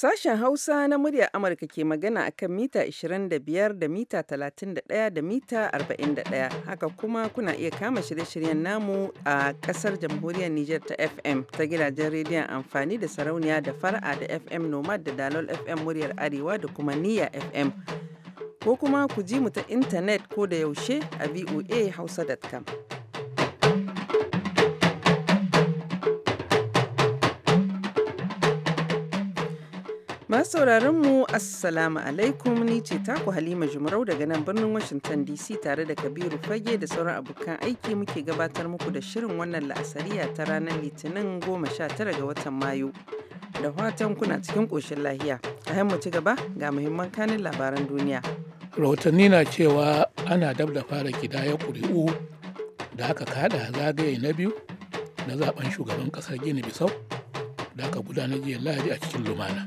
Sashen Hausa na muryar Amurka ke magana a kan mita 25 da mita 31 da mita 41. Haka kuma kuna iya kama shirye-shiryen namu a kasar jamhuriyar Nijar ta FM ta gidajen rediyon amfani da sarauniya da fara da FM Nomad da Dalol FM muryar Arewa da kuma niya FM. Ko kuma ku ji mu ta intanet ko da yaushe a voa hausa.com. Masu sauraron mu Assalamu alaikum ni ce taku Halima jumarau daga nan birnin Washington DC tare da Kabiru Fage da sauran abokan aiki muke gabatar muku da shirin wannan la'asariya ta ranar Litinin 19 ga watan Mayu. Da fatan kuna cikin ƙoshin lahiya. A mu ci gaba ga muhimman kanin labaran duniya. Rahotanni na cewa ana dab da fara kidaya ƙuri'u da aka kada zagaye na biyu na zaben shugaban ƙasar Gini Bisau da aka gudanar jiya Lahadi a cikin lumana.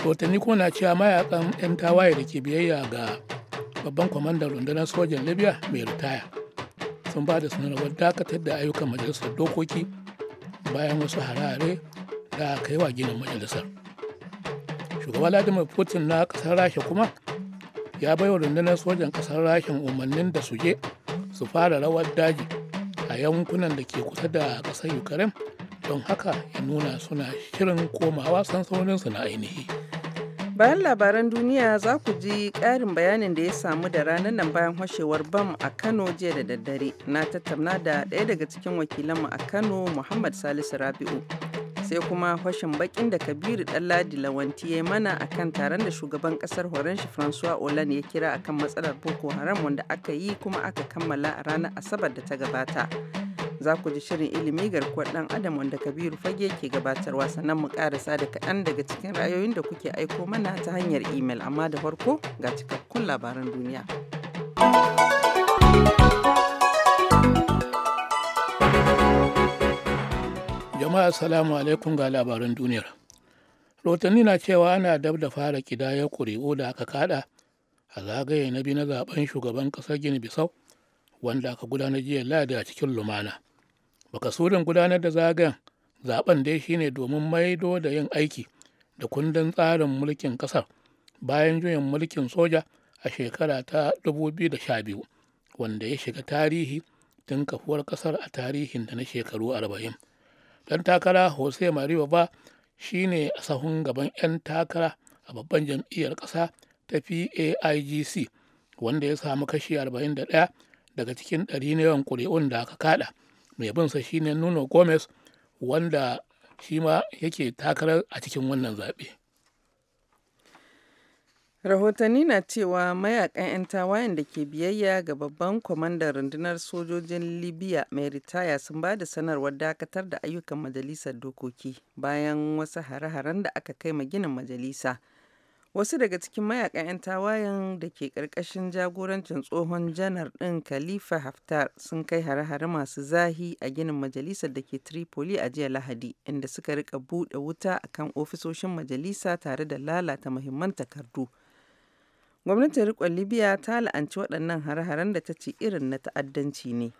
rahotanni ko na cewa mayakan 'yan tawaye da ke biyayya ga babban kwamandan rundunar sojan libya mai ritaya sun ba da sanarwar dakatar da ayyukan majalisar dokoki bayan wasu harare da aka yi wa ginin majalisar shugaba vladimir putin na kasar rasha kuma ya baiwa rundunar sojan kasar rashin umarnin da su je su fara rawar daji a yankunan da ke kusa da kasar ukraine don haka ya nuna suna shirin komawa sansauninsu na ainihi Bayan labaran duniya za ku ji ƙarin bayanin da ya samu da ranar nan bayan hashewar bam a Kano jiya da daddare. Na tattauna da ɗaya daga cikin wakilanmu a Kano Muhammad Salisu Rabi'u. Sai kuma hwashin bakin da Kabiru Ɗanladi Lawanti ya mana kan taron da shugaban ƙasar shi Francois Hollande ya kira akan matsalar Boko Haram wanda aka yi kuma aka kammala a ranar Asabar da ta gabata. za ku ji shirin ilimi garkuwar ɗan adam wanda kabiru fage ke gabatarwa sannan mu karasa da kaɗan daga cikin ra'ayoyin da kuke aiko mana ta hanyar imel amma da farko ga cikakkun labaran duniya jama'a assalamu alaikum ga labaran duniyar rotanni na cewa ana dab da fara kidayar kuri'u da aka kada a zagaye na biyu na zaben shugaban kasar gini bisau wanda aka gudanar jiya ladi a cikin lumana Baka surin gudanar da zagayen zaben dai shine domin maido da yin aiki da kundin tsarin mulkin ƙasar, bayan juyin mulkin soja a shekara ta 2012 wanda ya shiga tarihi tun kafuwar ƙasar a tarihin da na shekaru 40 Ɗan takara jose mario ba ne a sahun gaban 'yan takara a babban jam'iyyar ƙasa ta paigc wanda ya samu kashi 41 daga cikin ɗari na yawan ƙuri'un da aka kada mai sa shine nuno gomez wanda shi ma yake takarar a cikin wannan zaɓe. rahotanni na cewa mayakan 'yan tawayen da ke biyayya ga babban kwamandan rundunar sojojin libya mai ritaya sun ba da sanarwar dakatar da ayyukan majalisar dokoki bayan wasu hare-haren da aka kai ma ginin majalisa. Wasu daga cikin mayakan 'yan tawayen da ke ƙarƙashin jagorancin tsohon janar ɗin Khalifa Haftar sun kai hare-hare masu zahi a ginin majalisar da ke Tripoli a jiya Lahadi, inda suka rika buɗe wuta a kan ofisoshin majalisa tare da lalata muhimman takardu. Gwamnatin rikon Libya ta la'anci waɗannan hare-haren da ta ce irin na ta'addanci ne.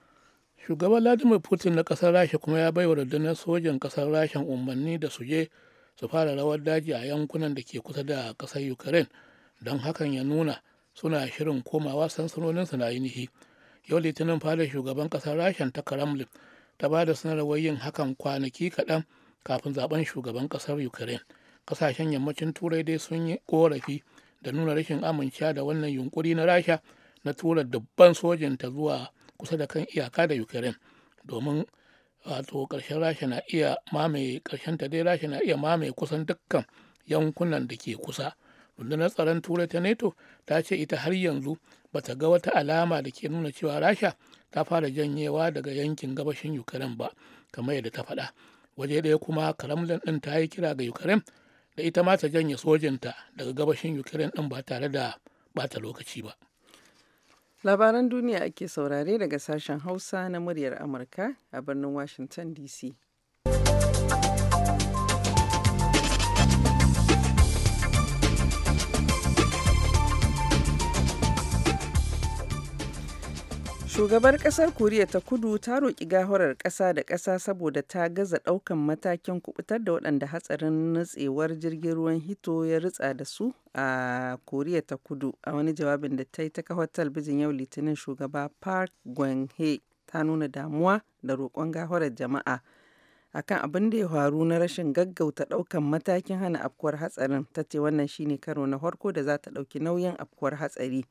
Shugaban Vladimir Putin na ƙasar Rasha kuma ya wa rundunar sojan ƙasar Rasha umarni da su je su fara rawar daji a yankunan da ke kusa da ƙasar ukraine don hakan ya nuna suna shirin komawa sansanoninsu na ainihi yau litinin fada shugaban ƙasar rashin ta kremlin ta ba da sanarwar yin hakan kwanaki kaɗan kafin zaben shugaban ƙasar ukraine ƙasashen yammacin turai dai sun yi ƙorafi da nuna rashin amincewa da wannan yunkuri na rasha na tura dubban sojinta zuwa kusa da kan iyaka da ukraine domin wato ƙarshen rasha na iya mamaye ƙarshen ta dai rasha na iya mamaye kusan dukkan yankunan da ke kusa rundunar tsaron turai ta neto ta ce ita har yanzu bata ga wata alama da ke nuna cewa rasha ta fara janyewa daga yankin gabashin ukraine ba kamar yadda ta faɗa waje ɗaya kuma kremlin ɗin ta yi kira ga ukraine da ita ma ta janye sojinta daga gabashin ukraine ɗin ba tare da bata lokaci ba Labaran duniya ake saurare daga sashen Hausa na muryar Amurka a birnin Washington DC. Shugabar kasar Koriya ta kudu ta roƙi gahorar ƙasa da ƙasa saboda ta gaza ɗaukan matakin kubutar da waɗanda hatsarin nutsewar jirgin ruwan hito ya ritsa da su a Koriya ta kudu a wani jawabin da ta yi ta kafar talbijin yau litinin shugaba Park Geun-hye ta nuna damuwa da roƙon gahorar jama'a akan abin da ya faru na rashin gaggauta ɗaukan matakin hana afkuwar hatsarin ta ce wannan shine karo na farko da za ta ɗauki nauyin afkuwar hatsari.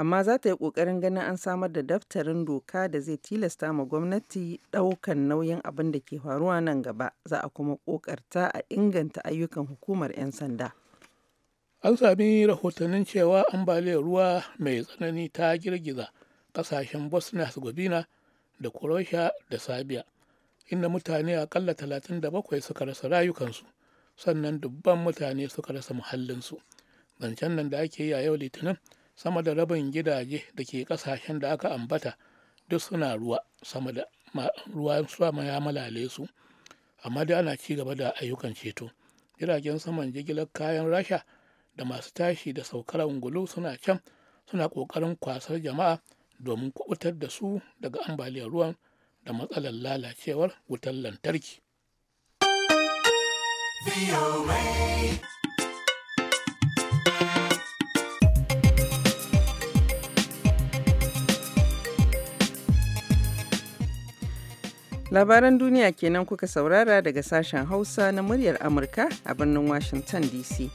amma za ta yi ƙoƙarin ganin an samar da daftarin doka da zai tilasta ma gwamnati ɗaukan nauyin abin da ke faruwa nan gaba za a kuma ƙoƙarta a inganta ayyukan hukumar 'yan sanda an sami rahotannin cewa ambaliyar ruwa mai tsanani ta girgiza ƙasashen bosnia herzegovina da croatia da serbia inda mutane akalla 37 suka rasa rayukansu sannan dubban mutane suka rasa muhallinsu zancen nan da ake yi a yau litinin sama da rabin gidaje da ke kasashen da aka ambata duk suna ruwa sama da ruwan sama ya malale su amma dai ana ci gaba da ayyukan ceto jiragen saman jigilar kayan rasha da masu tashi da saukar ungulu suna can suna ƙoƙarin kwasar jama'a domin kubutar da su daga ambaliyar ruwan da matsalar lalacewar wutar lantarki Labaran duniya kenan kuka saurara daga sashen Hausa na muryar Amurka a birnin Washington DC.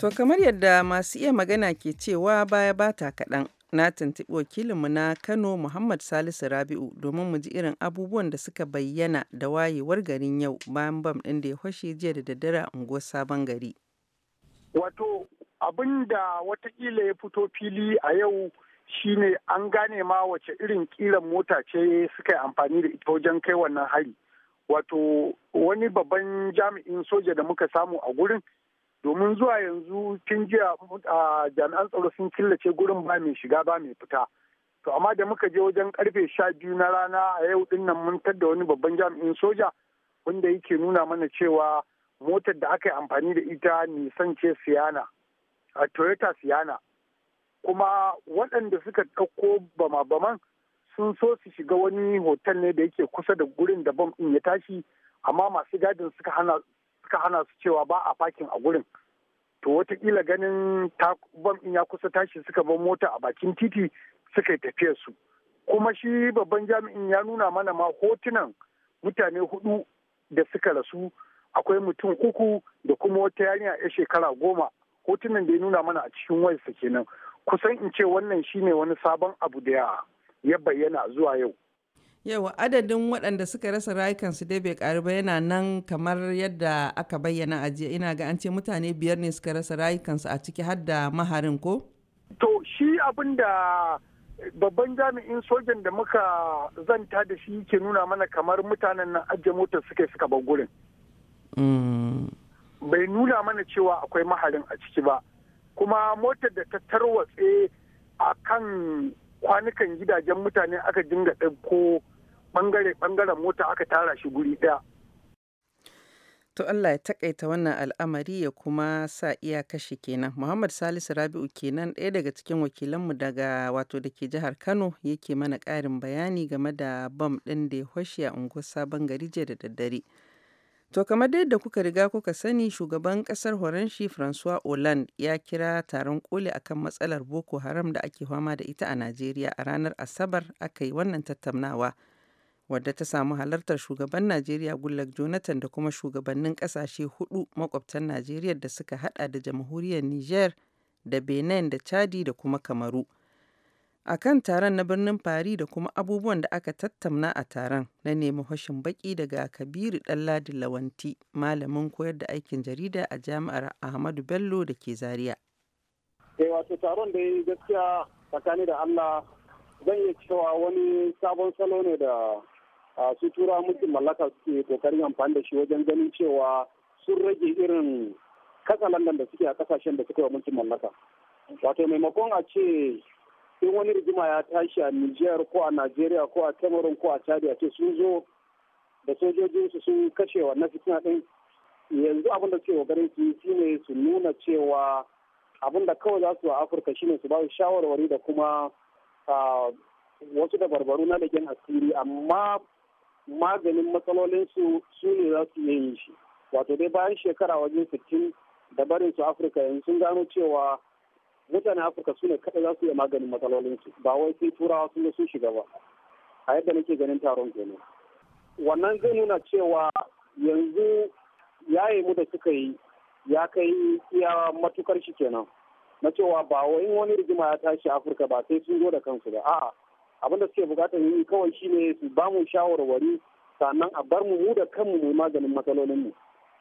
To kamar yadda masu iya magana ke cewa baya bata kaɗan, na tuntuɓi wakilinmu na Kano Muhammad Salisu Rabi'u domin mu ji irin abubuwan da suka bayyana da wayewar garin yau bayan bam ɗin da ya fashe jiya da daddare a unguwar Sabon Gari. Wato abin da watakila ya fito fili a yau shine an gane ma wace irin kiran mota ce suka yi amfani da ita wajen kai wannan hari wato wani babban jami'in soja da muka samu a gurin domin zuwa yanzu tun jiya jami'an tsaro sun killace gurin ba mai shiga ba mai fita to amma da muka je wajen karfe sha biyu na rana a yau din nan mun tadda wani babban jami'in soja wanda yake nuna mana cewa motar da aka yi amfani da ita nisan ce siyana a toyota siyana kuma waɗanda suka ɗauko bama-baman sun so su shiga wani hotel ne da yake kusa da gurin da bam ɗin ya tashi amma masu gadin suka hana su cewa ba a fakin a gurin to watakila ganin bam ɗin ya kusa tashi suka bar mota a bakin titi suka yi tafiyar su kuma shi babban jami'in ya nuna mana ma hotunan mutane hudu da suka rasu akwai mutum uku da kuma wata yarinya ya shekara goma hotunan da ya nuna mana a cikin wayarsa kenan kusan in ce wannan shine wani sabon abu da ya bayyana zuwa yau yau adadin waɗanda suka rasa rayukansu dai bai ƙaru ba yana nan kamar yadda aka bayyana a jiya ina ga an ce mutane biyar ne suka rasa rayukansu a ciki har da maharin ko to shi abin da babban jami'in sojan da muka zanta da shi ke nuna mana kamar mutanen nan ajiye motar suka suka bar gurin mm. bai nuna mana cewa akwai maharin a ciki ba kuma motar da ta tarwatse a kan kwanukan gidajen mutane aka dinga ɗauko ɓangare-ɓangaren mota aka tara shi guri ɗaya. To Allah ya takaita wannan al'amari ya kuma sa iya kashe kenan. Muhammad Salisu Rabi'u kenan ɗaya daga cikin wakilanmu daga wato da ke jihar Kano yake mana ƙarin bayani game da bam ɗin da ya hwashe a unguwar Sabon Gari da daddare. To kamar dai da kuka riga kuka sani shugaban kasar Horanshi Francois Hollande ya kira taron koli akan matsalar Boko Haram da ake fama da ita a Najeriya a ranar Asabar aka yi wannan tattaunawa wadda ta samu halartar shugaban Najeriya Goodluck Jonathan da kuma shugabannin kasashe hudu makwabtan Najeriya da suka hada da jamhuriyar Niger da Benin da Chadi da kuma Kamaru. a kan taron na birnin Paris da kuma abubuwan da aka tattauna a taron na nemi hushin baki daga Kabiru Ɗanladi Lawanti, malamin koyar da aikin jarida a Jami'ar Ahmadu Bello da ke Zaria. Eh wato taron da yi gaskiya tsakani da Allah zan iya cewa wani sabon salo ne da su tura mutum mallaka suke kokarin amfani da shi wajen ganin cewa sun rage irin kasa da suke a kasashen da suka yi mulkin mallaka. Wato maimakon a ce sai wani rigima ya tashi a Nijar ko a Najeriya ko a Cameroon ko a Chad ya ce sun zo da sojojinsu sun kashe wannan fitina din yanzu abin da ke kokarin su shine su nuna cewa abin da kawai za su a Afirka shine su ba su shawarwari da kuma wasu dabarbaru na leken asiri amma maganin matsalolinsu su ne za su iya shi wato dai bayan shekara wajen sittin da barin su Afirka yanzu sun gano cewa mutanen afirka su ne kada za su iya maganin matsalolinsu ba wai sai turawa sun su shiga ba a yadda nake ganin taron kenan wannan zai nuna cewa yanzu yaye mu da suka yi ya kai iya matukar shi kenan na cewa ba wai wani rigima ya tashi afirka ba sai sun zo da kansu ba a'a abin da suke bukatar yi kawai shine su ba mu shawarwari sannan a bar mu mu da kanmu mu maganin matsalolinmu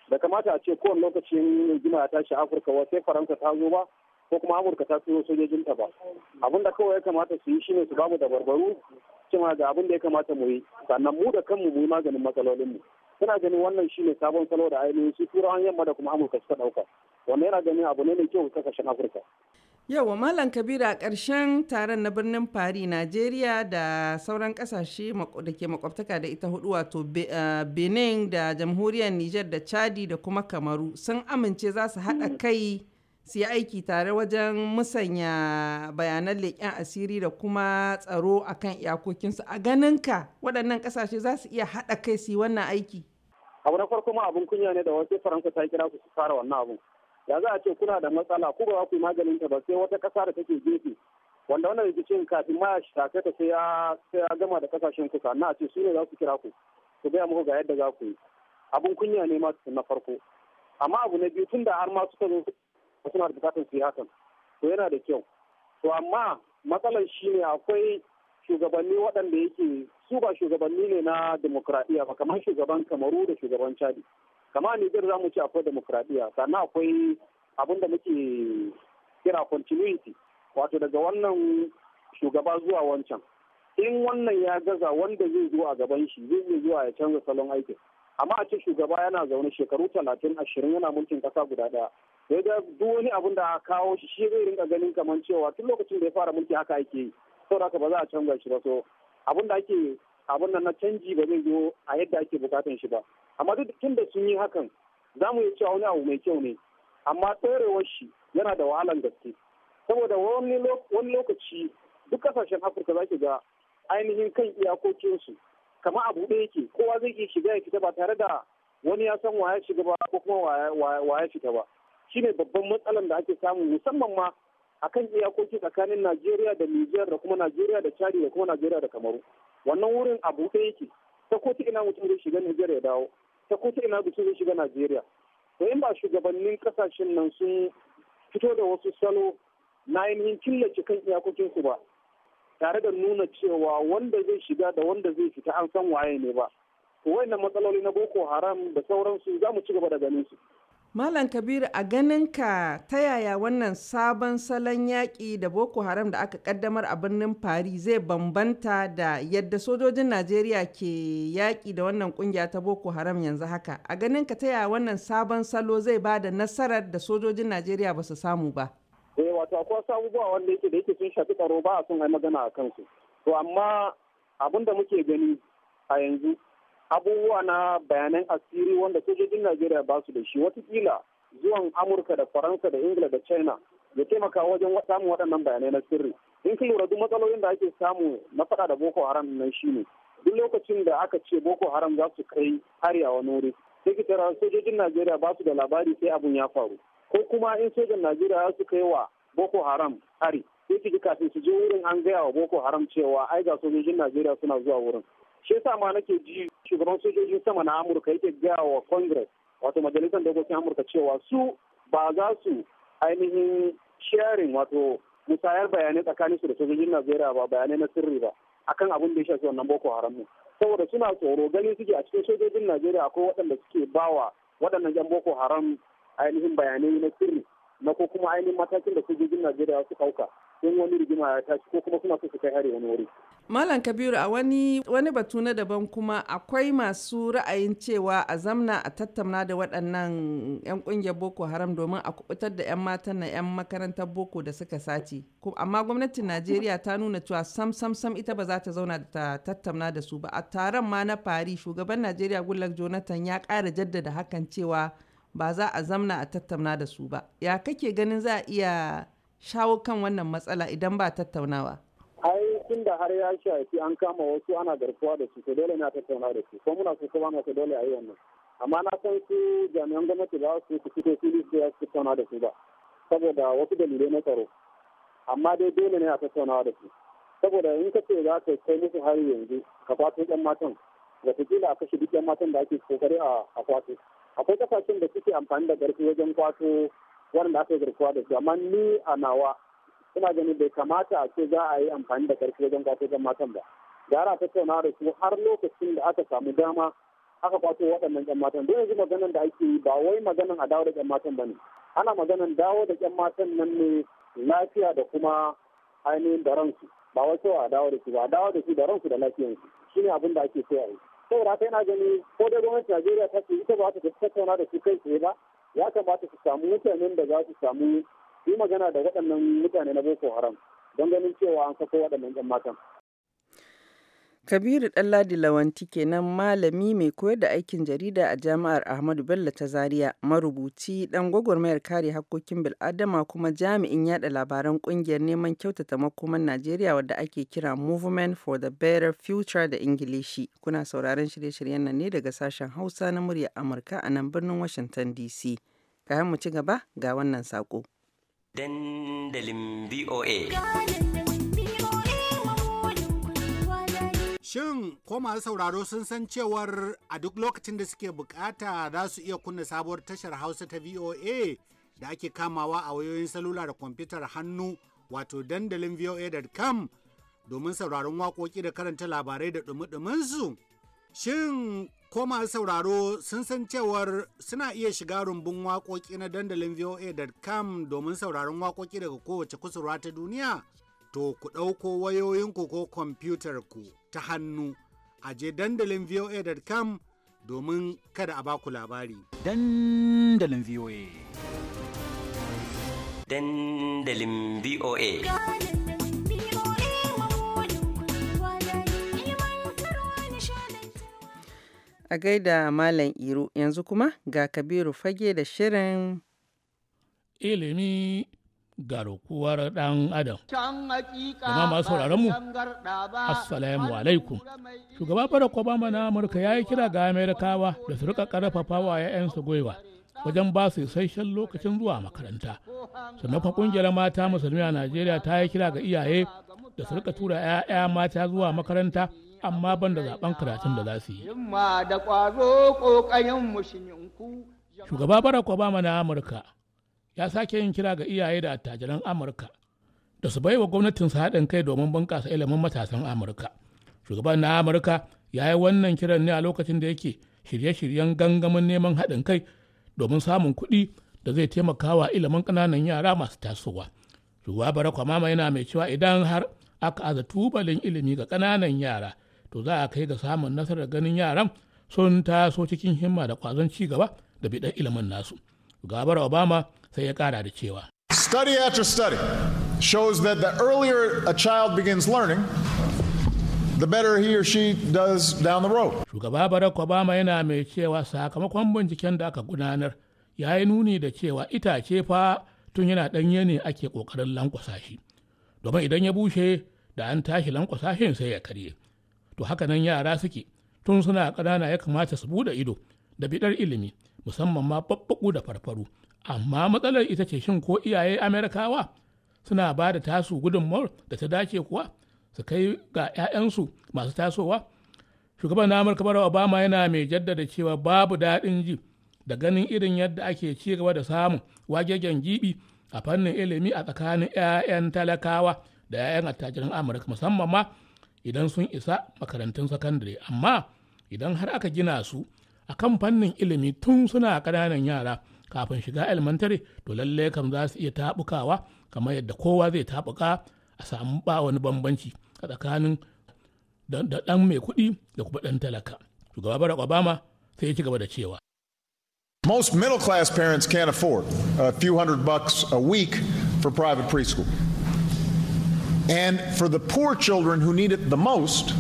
da kamata a ce kowane lokacin rigima ya tashi afirka sai faransa ta zo ba ko kuma amurka ta sojojin sojojinta ba abin da kawai ya kamata su yi shine su bamu da barbaru cewa ga abin da ya kamata mu yi sannan mu da kanmu mu yi maganin mu suna ganin wannan shine sabon salo da ainihin su an yamma da kuma amurka suka ɗauka wanda yana ganin abu ne mai kyau kasashen afirka yau wa Malam Kabiru a karshen taron na birnin Fari, Najeriya da sauran kasashe da ke makwabtaka da ita hudu wato eh, Benin da jamhuriyar Nijar da Chadi da kuma Kamaru sun amince za su haɗa mm. kai su yi aiki tare wajen musanya bayanan leƙen asiri da kuma tsaro a kan iyakokinsu a ganinka waɗannan ƙasashe za su iya haɗa kai su yi wannan aiki abu na farko ma abin kunya ne da wasu faransa ta kira ku su fara wannan abun ya za a ce kuna da matsala ku ba ku maganin ta ba sai wata ƙasa da take gefe wanda wannan rikicin kafin ma ya shafe ta sai ya gama da ƙasashen kusa na a ce su ne za su kira ku ku gaya muku ga yadda za ku yi abun kunya ne ma na farko amma abu na biyu tun da har ma suka zo suna da bukatun su yi hakan to yana da kyau to amma matsalar shi ne akwai shugabanni waɗanda yake su ba shugabanni ne na demokradiyya ba kamar shugaban kamaru da shugaban chadi kama nijar za mu ce akwai demokradiyya sannan akwai abin da muke kira continuity wato daga wannan shugaba zuwa wancan in wannan ya gaza wanda zai zo a gaban shi zai iya zuwa ya canza salon aikin amma a ce shugaba yana zaune shekaru talatin ashirin yana mulkin kasa guda daya sai da duk wani abun da kawo shi shi zai rinka ganin kamar cewa tun lokacin da ya fara mulki haka ake yi da haka ba za a canza shi ba so abun da ake abin nan na canji ba zai zo a yadda ake bukatan shi ba amma duk tun da sun yi hakan za mu iya cewa wani abu mai kyau ne amma ɗorewar shi yana da wahalan gaske saboda wani lokaci duk kasashen afirka za ki ga ainihin kan iyakokinsu kama abu ɗaya yake kowa zai iya shiga ya fita ba tare da wani ya san waya shiga ba ko kuma wa ya fita ba shine babban matsalar da ake samu musamman ma a kan iyakoki tsakanin Najeriya da Nijar da kuma Najeriya da Chadi da kuma Najeriya da Kamaru wannan wurin a buɗe yake ta ko ta ina mutum zai shiga Nijar ya dawo ta ko ta ina mutum zai shiga Najeriya to in ba shugabannin kasashen nan sun fito da wasu salo na ainihin killace kan iyakokinsu ba tare da nuna cewa wanda zai shiga da wanda zai fita an san waye ne ba to wayannan matsaloli na boko haram da sauransu za mu ci gaba da ganin su Malam Kabiru a ganinka ta yaya wannan sabon salon yaƙi da Boko Haram da aka kaddamar a birnin Fari zai bambanta da yadda sojojin Najeriya ke yaƙi da wannan ƙungiya ta Boko Haram yanzu haka. A ganinka ta yaya wannan sabon salo zai ba da nasarar da sojojin Najeriya ba su samu ba. Eh wato akwai sabubuwa wanda yake da yake sun shafi tsaro ba a sun magana a kansu. To amma abin da muke gani a yanzu abubuwa na bayanan asiri wanda sojojin najeriya ba su da shi wata watakila zuwan amurka da faransa da ingila da china ya taimaka wajen samun waɗannan bayanai na sirri in ka lura duk matsalolin da ake samu na faɗa da boko haram nan shine duk lokacin da aka ce boko haram za su kai hari a wani wuri sai ki tara sojojin najeriya ba su da labari sai abun ya faru ko kuma in sojan najeriya su kai wa boko haram hari sai ki ji kafin su je wurin an gaya wa boko haram cewa ai ga sojojin najeriya suna zuwa wurin shi yasa ma nake ji shugaban sojojin sama na amurka yake gaya wa congress wato majalisar dokokin amurka cewa su ba za su ainihin sharing wato musayar bayanai tsakanin su da sojojin najeriya ba bayanai na sirri ba akan abin da ya shafi wannan boko haram ne saboda suna tsoro ganin suke a cikin sojojin najeriya akwai waɗanda suke bawa waɗannan yan boko haram ainihin bayanai na sirri na ko kuma ainihin matakin da sojojin najeriya su ɗauka in wani rigima ya tashi ko kuma suna su kai hari wani wuri. Malam Kabiru a wani wani batu na daban kuma akwai masu ra'ayin cewa a zamna a tattauna da waɗannan 'yan ƙungiyar Boko Haram domin a kubutar da 'yan matan na 'yan makarantar Boko da suka sace. Amma gwamnatin Najeriya ta nuna cewa sam sam sam ita ba za ta zauna ta tattauna da su ba. A taron ma na fari shugaban Najeriya Gullak Jonathan ya ƙara jaddada hakan cewa ba za a zamna a tattauna da su ba. Ya kake ganin za a iya shawo kan wannan matsala idan ba tattaunawa? ai tun da har ya shafi an kama wasu ana garkuwa da su to dole ne a tattauna da su ko muna so kuma masa dole a yi wannan amma na san su jami'an gwamnati ba su su fito fili su ya tattauna da su ba saboda wasu dalilai na tsaro amma dai dole ne a tattaunawa da su saboda in ka ce za ka kai musu har yanzu ka kwato ɗan matan wataƙila a kashe duk ɗan matan da ake kokari a kwato akwai kasashen da suke amfani da ƙarfi wajen kwato wanda aka yi garkuwa da su amma ni a nawa ina ganin bai kamata a ce za a yi amfani da karfi wajen kwato jan matan ba gara tattauna da su har lokacin da aka samu dama aka kwato waɗannan jan matan don yanzu maganan da ake yi ba wai maganan a dawo da jan matan ba ne ana maganan dawo da jan matan nan ne lafiya da kuma ainihin da ransu ba wai a dawo da su ba a dawo da su da ransu da lafiyansu shine abin da ake so a yi saboda haka gani ko dai gwamnatin Najeriya ta ce ita ba ta tattauna da su kai tsaye ba ya kamata su samu mutanen da za su samu yi magana da waɗannan mutane na boko haram don ganin cewa an sako waɗannan 'yan matan. Kabiru Ɗanladi Lawanti kenan malami mai koyar da aikin jarida a Jami'ar Ahmadu Bello ta Zaria, marubuci, ɗan gwagwarmayar kare haƙƙoƙin bil'adama kuma jami'in yaɗa labaran ƙungiyar neman kyautata makoman Najeriya wadda ake kira Movement for the Better Future da Ingilishi. Kuna sauraron shirye-shiryen nan ne daga sashen Hausa na muryar Amurka a nan birnin Washington DC. Kayan mu ci gaba ga wannan saƙo. Dandalin VOA. Shin ko masu sauraro sun san cewar a duk lokacin da suke bukata za su iya kunna sabuwar tashar Hausa ta VOA da ake kamawa a wayoyin salula da kwamfutar hannu wato dandalin voa.com domin sauraron waƙoƙi da karanta labarai da ɗumi-ɗuminsu. Shin ko masu sauraro sun san cewar suna iya shiga rumbun waƙoƙi na dandalin voa.com domin sauraron waƙoƙi daga kowace kusurwa ta duniya? To ku ɗauko wayoyinku ko kwamfutarku. ku. ta hannu a je dandalin voa.com domin kada a baku labari. Dandalin VOA. Dandalin VOA. A gaida Malam Iro yanzu kuma ga Kabiru fage da shirin ilimi ga rokuwar ɗan adam. Jama'a masu sauraron mu, Assalamu alaikum. Shugaba Barack Obama na Amurka ya yi kira ga Amerikawa da su rika karfafa wa 'ya'yansu gwiwa wajen ba su isasshen lokacin zuwa makaranta. Sannan ƙungiyar kungiyar mata musulmi a Najeriya ta yi kira ga iyaye da su rika tura 'ya'ya mata zuwa makaranta amma ban da zaben karatun da za su yi. Shugaba Barack Obama na Amurka ya sake yin kira ga iyaye da attajiran amurka da su bai baiwa gwamnatinsa haɗin kai domin bunƙasa ilimin matasan amurka shugaban na amurka ya yi wannan kiran ne a lokacin da yake shirye-shiryen gangamin neman haɗin kai domin samun kuɗi da zai taimaka wa ilimin ƙananan yara masu tasowa shugaba barack obama yana mai cewa idan har aka aza tubalin ilimi ga ƙananan yara to za a kai ga samun nasarar ganin yaran sun taso cikin himma da ƙwazon ci gaba da biɗan ilimin nasu shugaba obama sai ya kara da cewa study after study shows that the earlier a child begins learning the better he or she does down the road. Shugaba Barack Obama yana mai cewa sakamakon binciken da aka gudanar ya yi nuni da cewa itace fa tun yana ɗanye ne ake ƙoƙarin lankwasa shi. Domin idan ya bushe da an tashi lankwasa shi sai ya karye. To haka nan yara suke tun suna ƙanana ya kamata su buɗe ido da bidar ilimi musamman ma babbaku da farfaru amma matsalar ita ce shin ko iyaye amerikawa suna ba da tasu gudunmawar da ta dace kuwa su kai ga 'ya'yansu masu tasowa shugaban na amurka barawa obama yana mai jaddada cewa babu daɗin ji da ganin irin yadda ake ci gaba da samun wagegen gibi a fannin ilimi a tsakanin 'ya'yan talakawa da 'ya'yan attajirin amurka musamman ma idan sun isa makarantun sakandare amma idan har aka gina su a kan fannin ilimi tun suna ƙananan yara kafin shiga elementary to lalle kam za su iya taɓukawa kamar yadda kowa zai taɓuka a samu ba wani bambanci a tsakanin da ɗan mai kuɗi da kuma ɗan talaka shugaba barack obama sai ya ci gaba da cewa Most middle class parents can't afford a few hundred bucks a week for private preschool. And for the poor children who need it the most,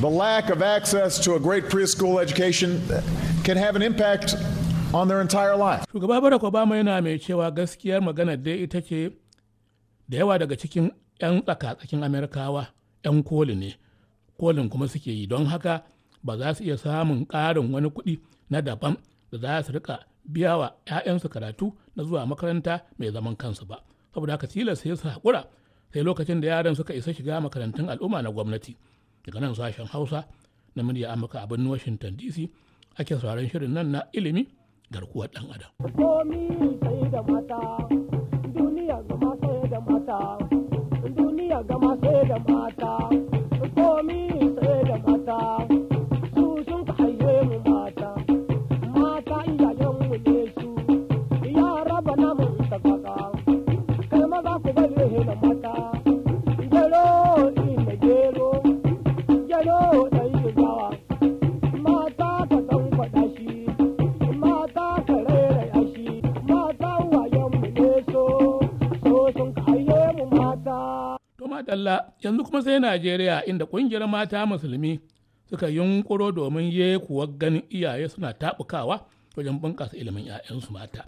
the lack of access to a great preschool education can have an impact on their entire life. Shugaba Barack Obama yana mai cewa gaskiyar magana da ita ce da yawa daga cikin 'yan tsakatsakin Amerikawa 'yan koli ne, kolin kuma suke yi don haka ba za su iya samun ƙarin wani kuɗi na daban da za su rika biya wa 'ya'yansu karatu na zuwa makaranta mai zaman kansu ba. Saboda haka tilas sai su haƙura sai lokacin da yaran suka isa shiga makarantun al'umma na gwamnati. Daga nan sashen Hausa na murya Amurka a birnin Washington DC ake sauraron shirin nan na ilimi garkuwar ɗan adam. Komi sai da mata, duniya gama sai da mata, duniya gama sai da mata. najeriya inda ƙungiyar mata musulmi suka yunkuro domin ye kuwa ganin iyaye suna taɓukawa wajen bunƙasa ilimin 'ya'yansu mata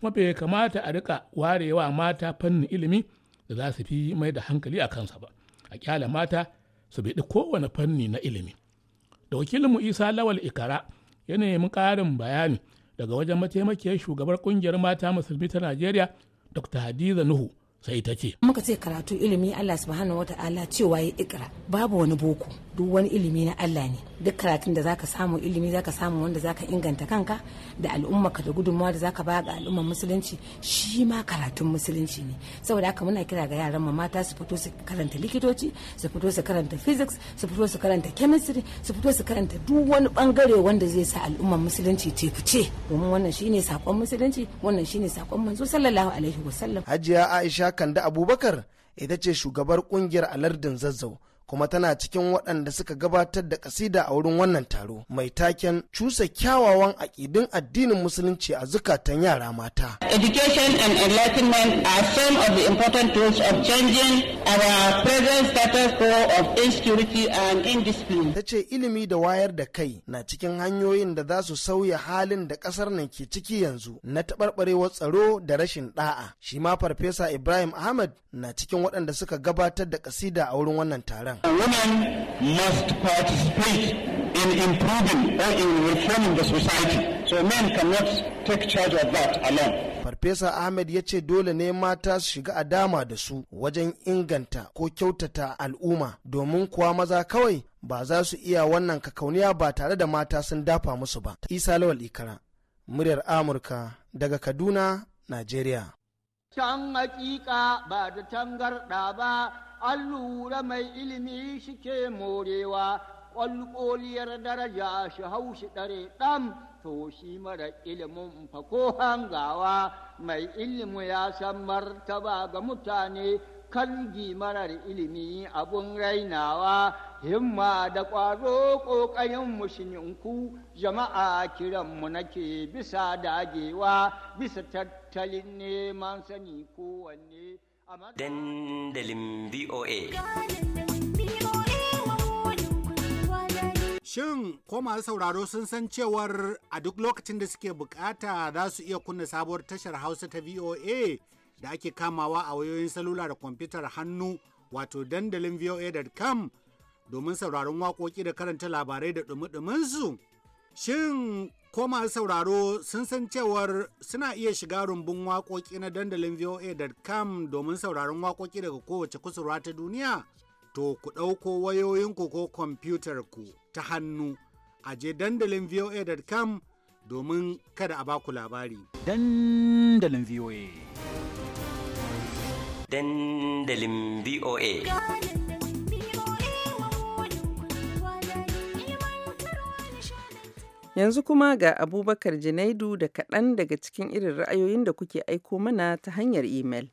kuma bai kamata a rika warewa mata fannin ilimi da za su fi mai da hankali a kansa ba a kyala mata su biɗi kowane fanni na ilimi da wakilinmu isa lawal ikara ya nemi ƙarin bayani daga wajen mataimakiyar shugabar ƙungiyar mata musulmi ta najeriya dr hadiza nuhu sai ta ce muka ce karatu ilimi Allah subhanahu wataala cewa ya ikra babu wani boko duk wani ilimi na Allah ne duk karatun da zaka samu ilimi zaka samu wanda zaka inganta kanka da al'umma ka da gudunmawa da zaka ba ga al'umma musulunci shi ma karatun musulunci ne saboda haka muna kira ga yaran mata su fito su karanta likitoci su fito su karanta physics su fito su karanta chemistry su fito su karanta duk wani bangare wanda zai sa al'umma musulunci ce fice domin wannan shine sakon musulunci wannan shine sakon manzo sallallahu alaihi wasallam hajiya aisha kande abubakar ita ce shugabar kungiyar alardin zazzau kuma tana cikin waɗanda suka gabatar da kasida a wurin wannan taro mai taken cusa kyawawan aƙidun addinin musulunci a zukatan yara mata. Education and enlightenment are some of the important tools of changing our present status quo of insecurity and indiscipline. Ta ce ilimi da wayar da kai na cikin hanyoyin da za su sauya halin da ƙasar nan ke ciki yanzu na taɓarɓarewar tsaro da rashin ɗa'a. Shi ma Farfesa Ibrahim Ahmad na cikin waɗanda suka gabatar da kasida a wurin wannan taron. kenan. Women must participate in improving or in reforming the society. So men cannot take charge of that alone. Farfesa Ahmed ya ce dole ne mata su shiga a dama da su wajen inganta ko kyautata al'umma domin kuwa maza kawai ba za su iya wannan kakauniya ba tare da mata sun dafa musu ba. Isa Lawal Ikara, muryar Amurka daga Kaduna, Najeriya. Can hakika ba da tangarɗa ba an lura mai ilimi shi ke morewa ƙwalƙoliyar daraja shi haushi ɗare ɗan to shi mara ilimin fa ko hangawa mai ilimi ya san martaba ga mutane kalgi marar ilimi abun rainawa himma da ƙwaro ƙoƙarin mushininku jama'a kiranmu nake bisa dagewa bisa tattalin neman sani kowanne. Dandalin BOA. Shin ko masu sauraro sun san cewar a duk lokacin da suke bukata za su iya kunna sabuwar tashar Hausa ta VOA da ake kamawa a wayoyin salula da kwamfutar hannu wato dandalin voa.com domin sauraron waƙoƙi da karanta labarai da ɗumi-ɗuminsu? Shin ko masu sauraro sun san cewar suna iya shiga rumbun waƙoƙi na dandalin voa.com domin sauraron waƙoƙi daga kowace kusurwa ta duniya? To ku ɗauko wayoyinku ko kwamfutar ku ta hannu a je dandalin voa.com domin kada a baku labari. Dandalin VOA. Dandalin VOA. Yanzu kuma ga Abubakar Janaidu da kaɗan daga cikin irin ra'ayoyin da kuke aiko mana ta hanyar imel.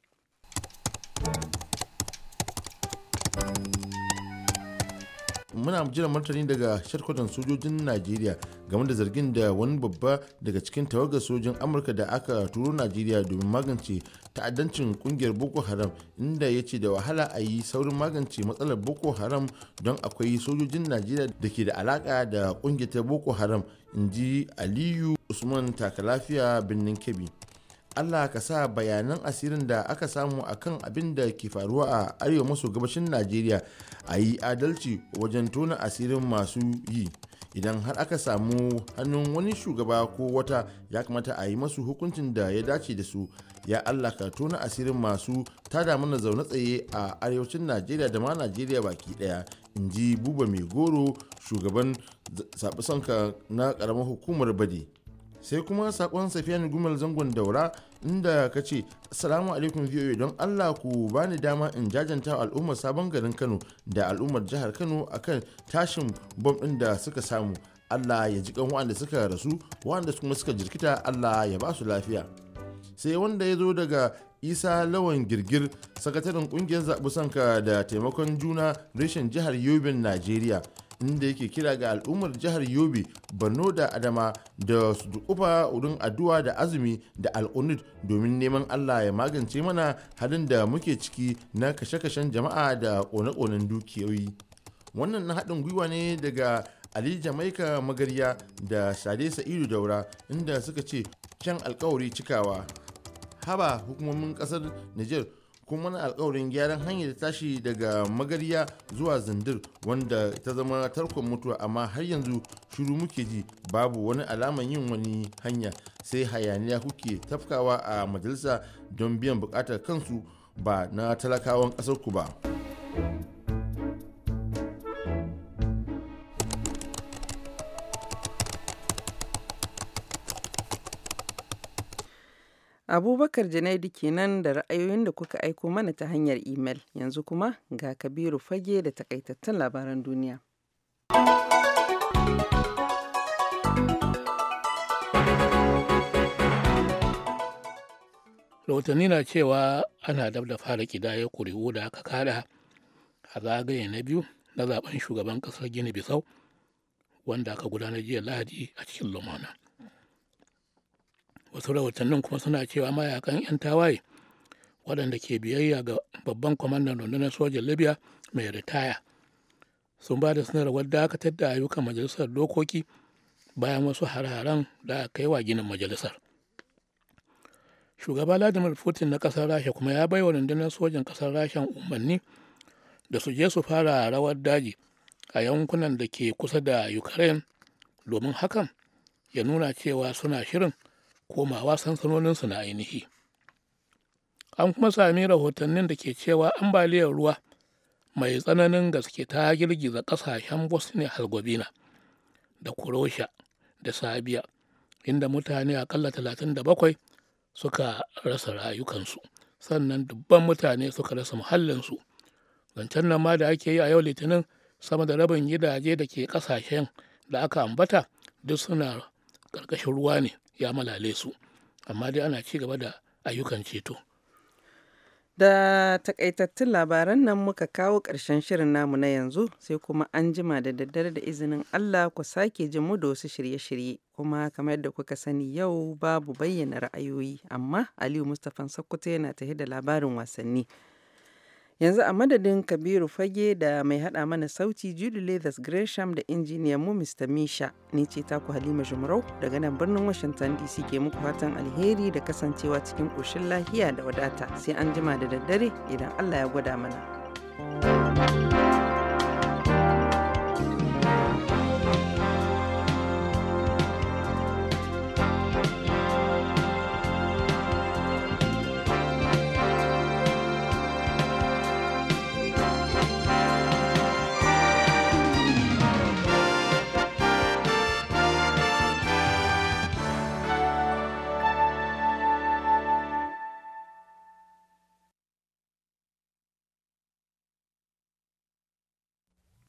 muna jira martani daga sharkwatan sojojin najeriya game da zargin da wani babba daga cikin tawagar sojin amurka da aka turo najeriya domin magance ta'addancin kungiyar boko haram inda ya ce da wahala a yi saurin magance matsalar boko haram don akwai sojojin najeriya da ke da alaka da kungiyar ta boko haram in ji aliyu usman takalafiya birnin kebi. Allah ka sa bayanan asirin da aka samu akan abin da ke faruwa a arewa maso gabashin Najeriya a yi adalci wajen tona asirin masu yi idan har aka samu hannun wani shugaba ko wata ya kamata a yi masu hukuncin da ya dace da su ya allah ka tona asirin masu tada mana zaune tsaye a arewacin najeriya da ma najeriya baki daya in ji buba mai goro shugaban zaɓi na karamar hukumar bade sai kuma sakon safiyan gumal zangon daura inda ka ce salamu alaikum voa don allah ku bani dama in jajanta al'ummar sabon garin kano da al'ummar jihar kano akan tashin bom ɗin da suka samu allah ya ji wa'anda suka rasu wanda kuma suka jirkita allah ya ba su lafiya sai wanda ya zo daga isa lawan girgir sakataren kungiyar zaɓi sanka da taimakon juna reshen jihar yobin najeriya inda yake kira ga al'ummar jihar yobe borno da adama da su dukufa wurin addu'a da azumi da al'unut domin neman allah ya magance mana halin da muke ciki na kashe-kashen jama'a da kone-konen dukiyoyi wannan na haɗin gwiwa ne daga ali jamaika magarya da sade sa'idu daura inda suka ce can alkawari cikawa haba hukumomin ƙasar niger kuma na alkawarin gyaran hanyar tashi daga magarya zuwa zindir wanda ta zama tarkon mutuwa amma har yanzu shiru muke ji babu wani alaman yin wani hanya sai hayaniya kuke tafkawa a majalisa don biyan bukatar kansu ba na talakawan ku ba. Abubakar Janaidu kenan da ra'ayoyin da kuka aiko mana ta hanyar imel. Yanzu kuma ga Kabiru Fage da takaitattun labaran duniya. Rahotanni na cewa ana dab da fara kidaya kuri'u da aka kada a zagaye na biyu na zaben shugaban kasar Gini Bisau wanda aka gudanar jiya Lahadi a cikin Lumana. wasu rahotannin kuma suna cewa mayakan 'yan tawaye waɗanda ke biyayya ga babban kwamandan rundunar sojan libya mai ritaya sun ba da sanarwar dakatar da ayyukan majalisar dokoki bayan wasu har-haren da aka yi wa ginin majalisar shugaba vladimir putin na ƙasar rasha kuma ya bai wa rundunar sojan ƙasar rasha umarni da su je su fara rawar daji a yankunan da ke kusa da ukraine domin hakan ya nuna cewa suna shirin komawa sansanoninsu na ainihi an kuma sami rahotannin da ke cewa ambaliyar ruwa mai tsananin gaske ta girgiza ƙasashen bosnia herzegovina da kurosha da sabiya inda mutane akalla 37 suka rasa rayukansu sannan dubban mutane suka rasa muhallinsu zancen nan ma da ake yi a yau litinin sama da rabin gidaje da ke ƙasashen da aka ambata duk suna ƙarƙashin ruwa ne ya malale su amma dai ana ci gaba da ayyukan ceto da takaitattun labaran nan muka kawo ƙarshen shirin namu na yanzu sai kuma an jima da daddare da izinin Allah ku sake jin mu da wasu shirye-shirye kuma kamar yadda kuka sani yau babu bayyana ra'ayoyi amma Aliyu Mustapha Sokoto yana tafi da labarin wasanni. Yanzu a madadin Kabiru Fage da mai hada mana sauti judy Leathers Gresham da injiniyan mu Mr. Misha. Ni ce taku Halima Jumrau daga nan birnin Washington DC ke muku fatan alheri da kasancewa cikin koshin lahiya da wadata sai an jima da daddare idan Allah ya gwada mana. thank you